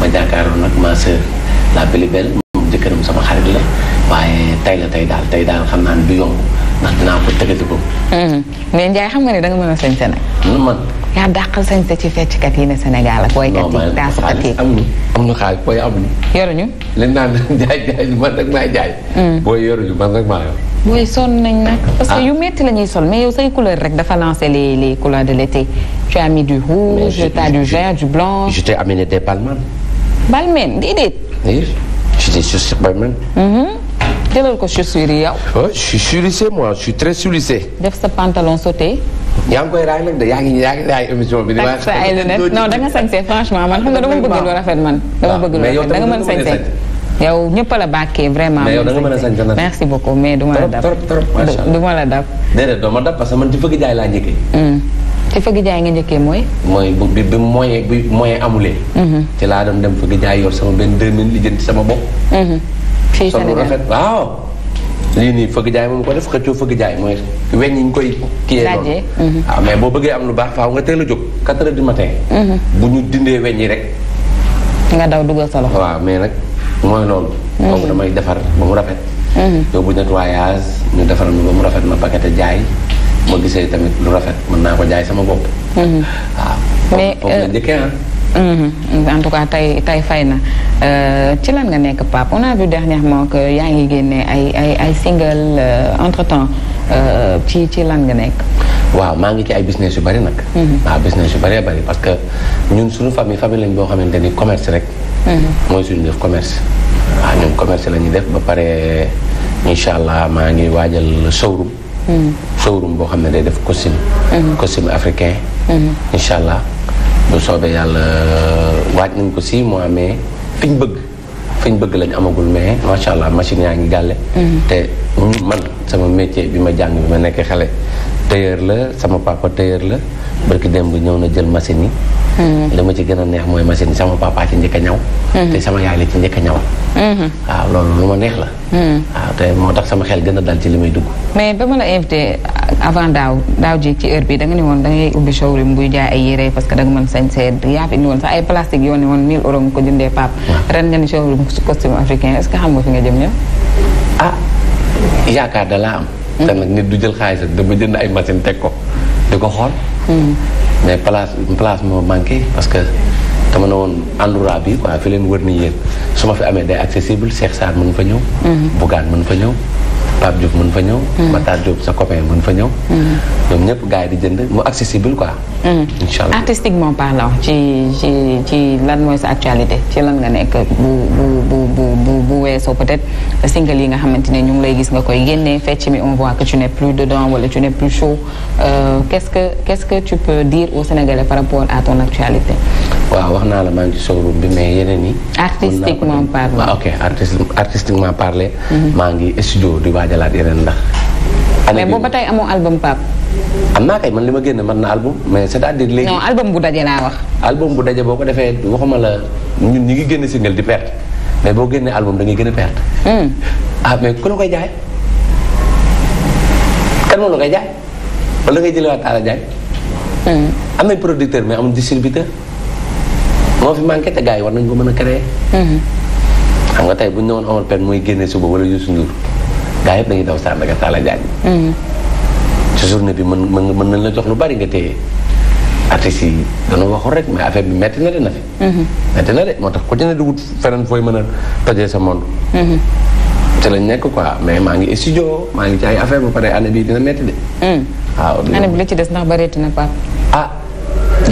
ma jàkkaarloo nag ma sœur la plus belle moom jëkkëram sama xarit la waaye tey la tey daal tey daal xam naa ne du yomb ndax dinaa ko tëgati ko. Mhm. mais Ndiaye xam nga ne danga mën a sañse nag. lu ma. yaa ci fecckat yi ne Sénégal ak. woykat yi daaskat yi amuñu. amuñu xaalis booy amuñu. yoruñu. leen naan jaay jaay man nag maa jaay. Mm. booy yoruñu man nag maa nañ nag. Ah. parce yu métti la ñuy sol mais yow say rek dafa lancer les les couleurs de l'été tu as mis du rouge. tu du vert du blanc. je t'ai amené des palmanes. Balmain déedéet. déedéet j'étais sur Balmain. Mm-hmm. jëlal ko chaussures yi yow. oui oh, je suis surlissé moi je def sa pantalon sauté. yaa ngi koy raay nag de yaa ngi yaa ngi raay émission bi. damaa sa ay lunettes non da nga sañse franchement man xam nga dama bëgg lu rafet man. dama ah, bëgg lu rafet da nga mën sañse yow ñëpp la bàkkee vraiment. yow da a merci beaucoup mais du ma la dab. trop trop macha allah du ma la dab. déedéet doo parce que man ci fëgg jaay laa njëkkee. Mm. te fëgg jaay nga njëkkee mooy. mooy bu bi bi moyen bi moyen amulee. Mm-hmm. ci laa doon dem fëgg jaay yor sama benn deux mille lijjanti sama bopp. Mm-hmm. fii Sénégal rafet waaw. lii nii fëgg jaay ko def xëccoo fëgg jaay mooy weñ yi ñu koy. kiyee noonu waaw mm-hmm. ah, mais boo bëggee am lu baax faaw nga teel a jóg 4 heures du matin. bu ñu dindee weñ yi rek. nga daw dugal sa loxo. mais rek mooy loolu. moom damay defar ba mu rafet. yóbbu nettoyage ñu defar ba mu rafet ma paquet jaay. ma gisee tamit lu rafet mën naa ko jaay sama bopp. Mhm. waaw mais euh, ah. mhm. en tout cas tey tey fay na euh, ci lan nga nekk Pape on a vu dernièrement que yaa ngi génne ay ay ay single euh, entre temps ci ci lan nga nekk. waaw maa ngi ci ay business yu bari nag. Mhm. waaw business yu bari bari parce que ñun suñu famille famille lañ boo xamante ni commerce rek. mooy suñu def commerce. waaw ñun commerce la ñuy def ba pare incha allah maa ngi waajal showroom. showroom boo xam ne day def costume. Mm-hmm. costume africain. Mm-hmm. incha allah bu soobee yàlla waaj nañ ko si mois mais fi ñu bëgg fi ñu bëgg lañ amagul mais macha allah machine yaa ngi gàlle. Mm-hmm. te man sama métier bi ma jàng bi ma nekkee xale tailleur la sama papa tailleur la barki dem bu ñëw na jël machine yi. li ma ci gën a neex mooy machine yi sama papa ci njëkk a ñaw. te sama yàlla ci njëkk a ñaw. waaw mm-hmm. ah, loolu lu ma neex la. waaw mm. ah, te moo tax sama xel gën a dal ci li may dugg. mais ba ma la invité avant daaw daaw ji ci heure bi da nga ne woon da ngay ubbi showroom buy jaay ay yére parce que da nga sañ seet yaa fi indi woon sax ay plastique yoo ne woon 1000 euros nga ko jëndee paap. ren nga ni showroom costume africain est ce que xam nga fi nga jëm ñëw. ah yaakaar da laa am. Mm. te nag nit du jël xaalis rek dama jënd ay machine teg ko di ko xool. Mm. mais place place moo manqué parce que. dama ne woon endroit bi quoi fi leen wër ni yéen su ma fi amee day accessible Cheikh Sarr mën fa ñëw. Mhm. Bougane mën fa ñëw. Pape Diop mën fa ñëw. Mhm. Matar Diop sa copain mën fa ñëw. Mhm. ñoom ñëpp gars di jënd mu accessible quoi. incha allah artistiquement parlant ci ci ci lan mooy sa actualité ci lan nga nekk bu bu bu bu bu weesoo peut-être single yi nga xamante ne ñu ngi lay gis nga koy génnee fecc mi on voit que tu n'es plus dedans wala tu n'es plus chaud euh, que qu'est-ce que tu peux dire aux Sénégalais par rapport à ton waaw wax naa la maa ngi showroom bi mais yeneen yi. artistiquement parlé waaw ok artistiquement parlé. Mhm. maa ngi studio di waajalaat yeneen ndax. année mais booba tey amoo album Pape. am naa kay man li ma génn mën na album mais c'est-à-dire léegi. non album bu daje laa wax. album bu daje boo ko defee waxuma la ñun ñi ngi génn single di perte mais boo génnee album da ngay gën a perte. Hmm. ah mais ku la koy jaay. kan moo la koy jaay wala ngay jëlewaat Talla Diagne. Hmm. am nañ producteur mais amuñ distributeur. moo fi manqué te gars yi war nañ ko mën a créer. Mhm. xam nga tey bu ñu ne woon Omar Pène mooy génne suba wala Youssou Ndour gars yëpp dañuy daw Sandaga Talla Diagne. Mhm. ci journée bi mën mën mën nañ la jox lu bari nga téye artistes yi dañoo waxul rek mais affaire bi metti na de na fi. Mhm. metti na de moo tax ku ci ne di wut feneen fooy mën a tojee sa monde. ci lañ nekk quoi mais maa ngi studio maa ngi ci ay ba pare année bii dina metti de. waaw année bi ci des ndax bareeti na Pape. Ah,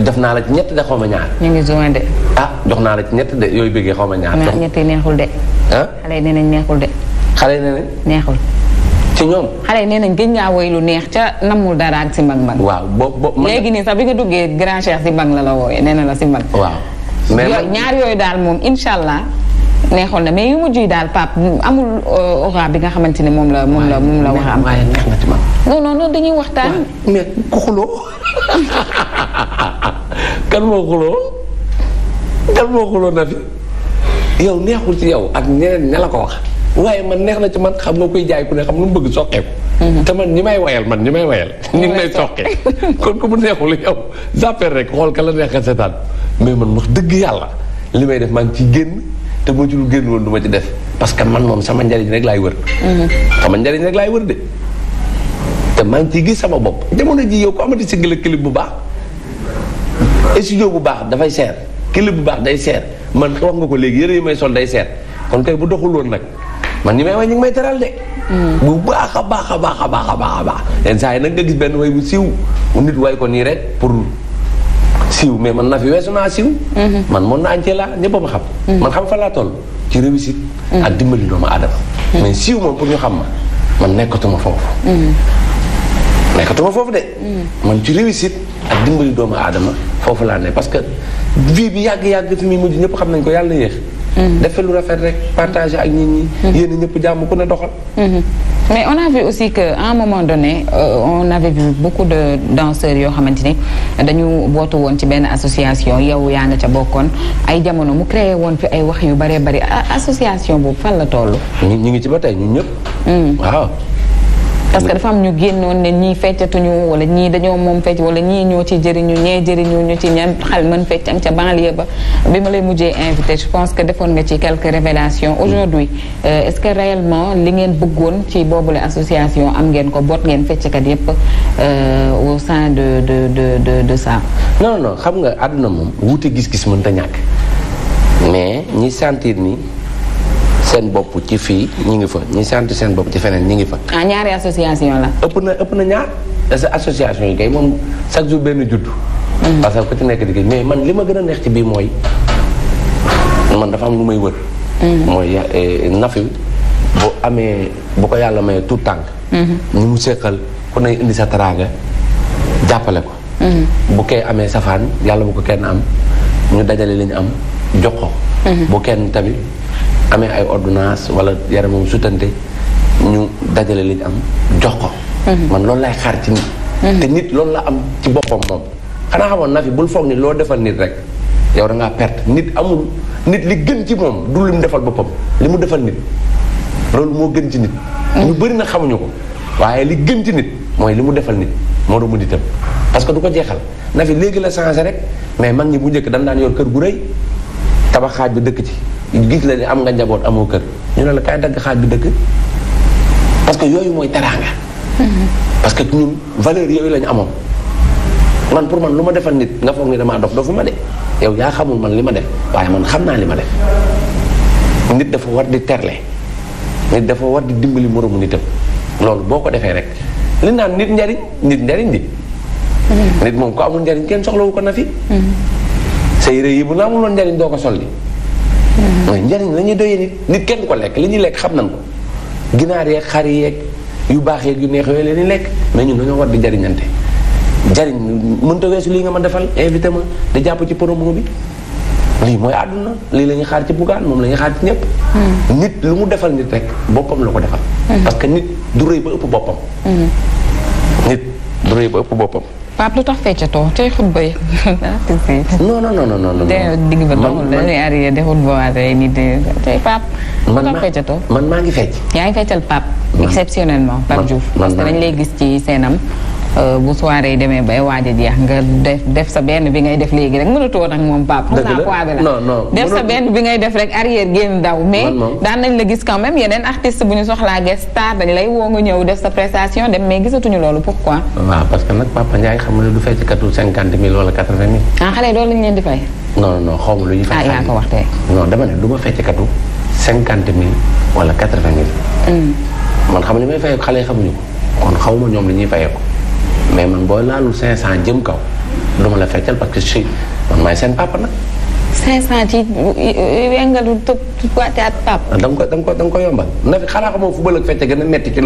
def naa la ci ñett de xaw ma ñaar. ñu ngi zoomé de. ah jox naa la ci ñett xaw ma ñaar. jox ñett yi neexul de. Ah? xale yi nee nañ neexul de. xale yi neexul. ci ñoom. xale yi nee nañ gëj ngaa woy lu neex ca namul dara ak si mbag mbag. waaw bo bo sax bi nga duggee grand cheikh si mbag la la wooyee nee na la si mbag. waaw mais yooyu daal moom incha allah. neexoon na mais yu mujj yi daal Pape amul euh, aura bi nga xamante ne moom la moom la moom la wax am. waaye neex na ci man non non non dañuy waxtaan. mais ku xuloo kan moo xuloo kan moo xuloo na fi neexul ci yow ak ñeneen ña la ko wax waaye man neex na ci man xam nga koy jaay ku ne xam lu mu bëgg soqeeku. Mhm. te man ñi may wayal man ñi may wayal. ñi may soqe kon ko mu neexul yow zapper rek xool ka la neex a seetaan mais man wax dëgg yàlla li may def maa ci génn te boo ci génn woon du ma ci def parce que man moom sama njariñ rek laay wër. Mhm. sama njariñ rek laay wër de. maa ngi ciy gis sama bopp a ji yow ko amati single clip bu baax studio bu baax dafay seer clip bu baax day seer man wax nga ko léegi yëre yi may sol day seer kon kay bu doxul woon nag man ñi may wax ñu ngi may teral de mm. bu baax baax a baax a baax a baax a baax yenn yi nag nga gis benn way bu siiw nit way ko nii rek pour siiw mais man na fi weesu naa siiw mm-hmm. man mën na ancee laa ñëpp ma xam mm. man xam fa laa toll ci réussite mm. ak dimbali doomu aadama mais siiw moom pour ñu xam ma man nekkatuma foofu nekkatuma foofu de. Mm. man ci réussite ak dimbali doomu aadama foofu laa ne parce que vie bi yàgg yàgg fi muy mujj ñëpp xam nañ ko yàlla yéex. Mm. defe lu rafet rek partager ak nit ñi. Mm. ñëpp jàmm ku ne doxal. Mm-hmm. mais on a que à un moment donné euh, on avait vu beaucoup de danseurs yoo xamante ni dañu bootu woon ci benn association yow yaa nga ca bokkoon ay jamono mu créé woon fi ay wax yu bëree bëri association boobu fan la toll. ñu ngi ci ba ñu ñun waaw. parce que mmh. dafa am ñu génnoon ne ñii feccatuñu wala ñii dañoo moom fecc wala ñii ñoo ci jëriñu ñee jëriñu ñu ci ñan xal man fecc ca banlieue ba bi ma lay mujjee invité je pense que defoon nga ci quelques révélations mmh. aujourd'hui euh, est ce que réellement li ngeen bëggoon ci boobule association am ngeen ko boot ngeen fecckat yépp euh, au sent de de de de de ça non xam nga àdduna moom wuute gis-gis mën ta ñàkk mais ñi sentir ni seen bopp ci fii ñi ngi fa ñi sant seen bopp ci feneen ñi ngi fa. ah ñaari association la. ëpp na ëpp na ñaar parce que association yi kay moom chaque jour benn judd. Mm-hmm. parce que ku ci nekk di mais man li ma gën a neex ci bii mooy man dafa am lu may wër. Mm-hmm. mooy eh, nafi bu amee bu ko yàlla mayee tout tànk. ñu mm-hmm. mu seqal ku ne indi sa taraaga jàppale ko. bu kee amee safaan yàlla bu ko kenn am ñu dajale li ñu am jox ko. bu kenn tamit. amee ay ordonnance wala yaramam sutante ñu dajale li am jox ko. Mhm. man loolu lay xaar ci nit. Mhm. te nit loolu la am ci boppam moom. xanaa xamoon na fi bul foog ni loo defal nit rek yow da nit amul nit li gën ci du li mu defal boppam li mu defal nit loolu moo gën ci nit. Mhm. ñu bëri na xamuñu ko waaye li gën ci nit mooy li mu defal nit moo doon mu nitam parce que du ko jeexal na léegi la changé rek mais mag ñi bu njëkk dañ daan yoon kër gu rëy tabaxaaj bi dëkk ci. gis la ni am nga njaboot amoo kër ñu ne la kaay dagg xaaj bi dëkk parce que yooyu mooy teraanga. parce que ñun valeur yooyu lañu amoon. man pour man lu ma defal nit nga foog ni damaa dof dofu ma de yow yaa xamul man li ma def waaye man xam naa li ma def nit dafa war di terle nit dafa war di dimbali moromu nitam loolu boo ko defee rek li naan nit njariñ nit njariñ di mm-hmm. nit moom ko amul njariñ kenn soxlawu ko na fi. Mm-hmm. sa yi bu na amul woon njariñ doo ko sol Mm-hmm. mooy njariñ la ñuy doyee nit nit kenn ko lekk li ñu lekk xam nan ko ginaar yeeg xar yeeg yu baax yeeg yu neex yooyu la ñuy lekk mais ñun dañoo war di jariñante jariñ mënta weesu lii nga ma defal invité ma di jàpp ci promo bi lii mooy àdduna lii la ñuy xaar ci bugaan moom la ñuy xaar ci ñëpp mm-hmm. nit lu mu defal nit rek boppam la ko defal mm-hmm. parce que nit du rëy ba ëpp boppam rëy ba ëpp boppam. Pape lu tax feccetoo tey xutba yi. non non non non non. tey digg ba doxul dañuy arrière de xutba waatee nii de tey Pape. man maa feccetoo man maa ngi fecc. yaa ngi feccal Pape. exceptionnellement Pape Diouf. parce que dañ lay gis ci seenam. Euh, bu soirée yi demee bay waaj jeex nga def def sa benn bi ngay def léegi rek mënatoo nag moom pap xam naa poids bi la benn bi ngay def rek arrière génn daw mais daan nañ la gis quand même yeneen artiste bu ñu soxlaa guest star dañ lay woo nga ñëw def sa prestation dem mais gisatuñu loolu pourquoi waaw parce que nag Papa Ndiaye xam nga du fecc katul cinquante mille wala quatre vingt mille ah xale lu ñu fay ah yaa ko wax tey non dama ne du fecc katu cinquante mille wala quatre vingt mille hmm. man xam ne may fayee xale yi xamuñu ko kon xaw ma ñoom li ñuy fayee mais man boo laalul 500 jëm kaw duma la feccal parce que si man maay seen papa nag. 500 ci wengalu tëb waate at papa. Ah, da ko da ko da nga ko yombal na xanaa xamoo football ak fecce gën a métti ci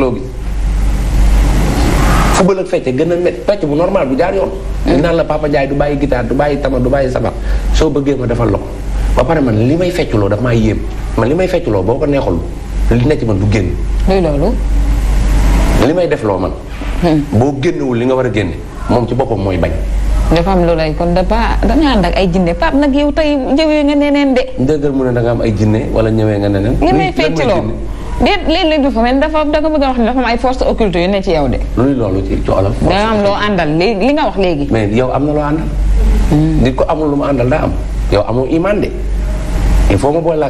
gën a métti fecc bu normal bu jaar yoon. ñu mm. naan la papa jaay du bàyyi guitare du bàyyi tama du bàyyi sabar soo bëggee ma defal la ko ba pare man li may fecculoo daf maa yéem man li may fecculoo boo ko neexul li nekk man du génn. luy loolu. li may def loo man. boo génnewul li nga war a génne moom ci boppam mooy bañ. dafa am lu lay kon da pa dañu ànd ay jinne Pape nag yow tey ñëwee nga neneen de. ndëgër mu ne da nga am ay jinne wala ñëwee nga neneen. li may fecc loo déet léeg-léeg dafa da nga bëgg a wax ne dafa am ay force occulte yu ne ci yow de. lu loolu ci ci olof. da nga wax léegi. mais yow am na loo àndal. Hmm. nit ko amul lu mu àndal daa am yow amoo iman de il faut nga boole